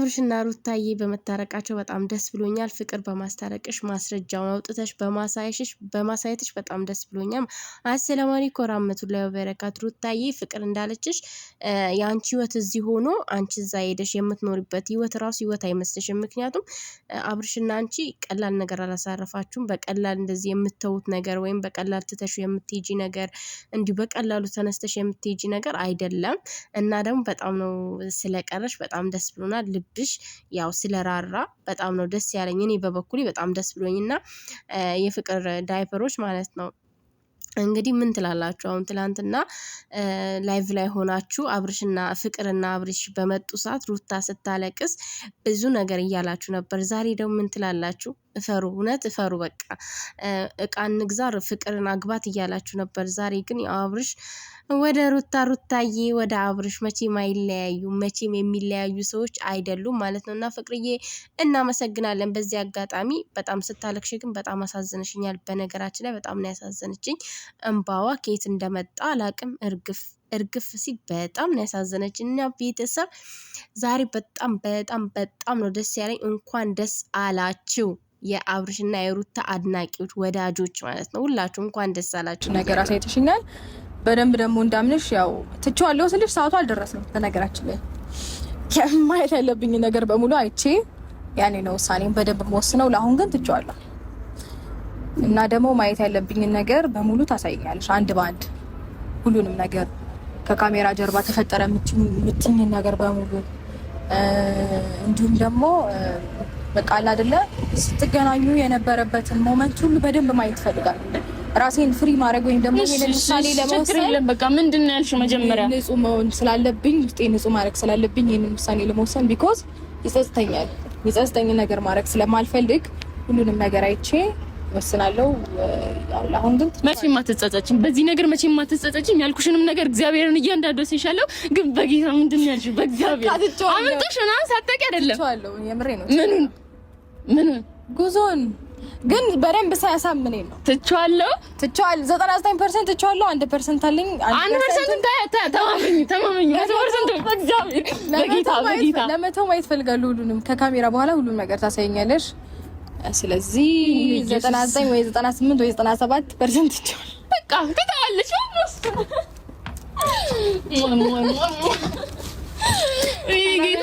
አብርሽና ሩታዬ በመታረቃቸው በጣም ደስ ብሎኛል። ፍቅር በማስታረቅሽ ማስረጃው አውጥተሽ በማሳየሽ በማሳየትሽ በጣም ደስ ብሎኛል። አሰላሙ አለይኩም ወራህመቱላሂ ወበረካቱ። ሩታዬ ፍቅር እንዳለችሽ የአንቺ ህይወት እዚህ ሆኖ አንቺ እዛ ሄደሽ የምትኖሪበት ህይወት ራሱ ህይወት አይመስልሽም። ምክንያቱም አብርሽና አንቺ ቀላል ነገር አላሳረፋችሁም። በቀላል እንደዚህ የምትተውት ነገር ወይም በቀላል ትተሽ የምትሄጂ ነገር እንዲሁ በቀላሉ ተነስተሽ የምትሄጂ ነገር አይደለም እና ደግሞ በጣም ነው ስለቀረሽ በጣም ደስ ብሎናል። ስለወድሽ ያው ስለራራ በጣም ነው ደስ ያለኝ። እኔ በበኩሌ በጣም ደስ ብሎኝ እና የፍቅር ዳይፐሮች ማለት ነው። እንግዲህ ምን ትላላችሁ? አሁን ትላንትና ላይቭ ላይ ሆናችሁ አብርሽና ፍቅርና አብርሽ በመጡ ሰዓት ሩታ ስታለቅስ ብዙ ነገር እያላችሁ ነበር። ዛሬ ደግሞ ምን ትላላችሁ? እፈሩ እውነት እፈሩ። በቃ እቃ እንግዛ ፍቅርን አግባት እያላችሁ ነበር። ዛሬ ግን ያው አብርሽ ወደ ሩታ ሩታዬ ወደ አብርሽ መቼም አይለያዩ መቼም የሚለያዩ ሰዎች አይደሉም ማለት ነው። እና ፍቅርዬ እናመሰግናለን። በዚህ አጋጣሚ በጣም ስታለቅሽ ግን በጣም አሳዘነሽኛል። በነገራችን ላይ በጣም ነው ያሳዘነችኝ። እምባዋ ከየት እንደመጣ አላቅም። እርግፍ እርግፍ ሲል በጣም ነው ያሳዘነች። እና ቤተሰብ ዛሬ በጣም በጣም በጣም ነው ደስ ያለኝ። እንኳን ደስ አላችሁ። የአብርሽና የሩታ አድናቂዎች ወዳጆች ማለት ነው። ሁላችሁ እንኳን ደስ አላችሁ። ነገር አሳይተሽኛል። በደንብ ደግሞ እንዳምንሽ ያው ትቼዋለሁ ስልሽ ሰዓቱ አልደረስም። በነገራችን ላይ ከማየት ያለብኝ ነገር በሙሉ አይቼ ያኔ ነው ውሳኔን በደንብ መወስነው። ለአሁን ግን ትቼዋለሁ እና ደግሞ ማየት ያለብኝ ነገር በሙሉ ታሳይኛለሽ፣ አንድ በአንድ ሁሉንም ነገር ከካሜራ ጀርባ ተፈጠረ የምትኝን ነገር በሙሉ እንዲሁም ደግሞ በቃል አደለ ስትገናኙ የነበረበትን ሞመንት ሁሉ በደንብ ማየት ይፈልጋል። ራሴን ፍሪ ማድረግ ወይም ደግሞ ምሳሌ ለመወሰን በቃ ምንድን ነው ያልሽው መጀመሪያ ንጹህ መሆን ስላለብኝ ውስጤ ንጹህ ማድረግ ስላለብኝ ይህንን ውሳኔ ለመወሰን ቢኮዝ ይጸጽተኛል። ይጸጽተኝ ነገር ማድረግ ስለማልፈልግ ሁሉንም ነገር አይቼ ወስናለሁ። አሁን ግን መቼም አትጸጸችም፣ በዚህ ነገር መቼም አትጸጸችም። ያልኩሽንም ነገር እግዚአብሔርን እያንዳንዱ ወስንሻለሁ። ግን በጌታ ምንድን ነው ያልሽው? በእግዚአብሔር አምልጦሽ ምናምን ሳታውቂ አይደለም። ምኑን ምኑን ጉዞን ግን በደንብ ሳያሳምኔ ነው ትቼዋለሁ። ትቼዋለሁ ዘጠና ዘጠኝ ፐርሰንት ትቼዋለሁ። አንድ ፐርሰንት አለኝ። አንድ ፐርሰንት ተማመኝ፣ ተማመኝ። ለመተው ማየት ፈልጋለሁ። ሁሉንም ከካሜራ በኋላ ሁሉም ነገር ታሳይኛለሽ። ስለዚህ 99 ወይ 98 ወይ 97 ፐርሰንት በቃ ትታለች።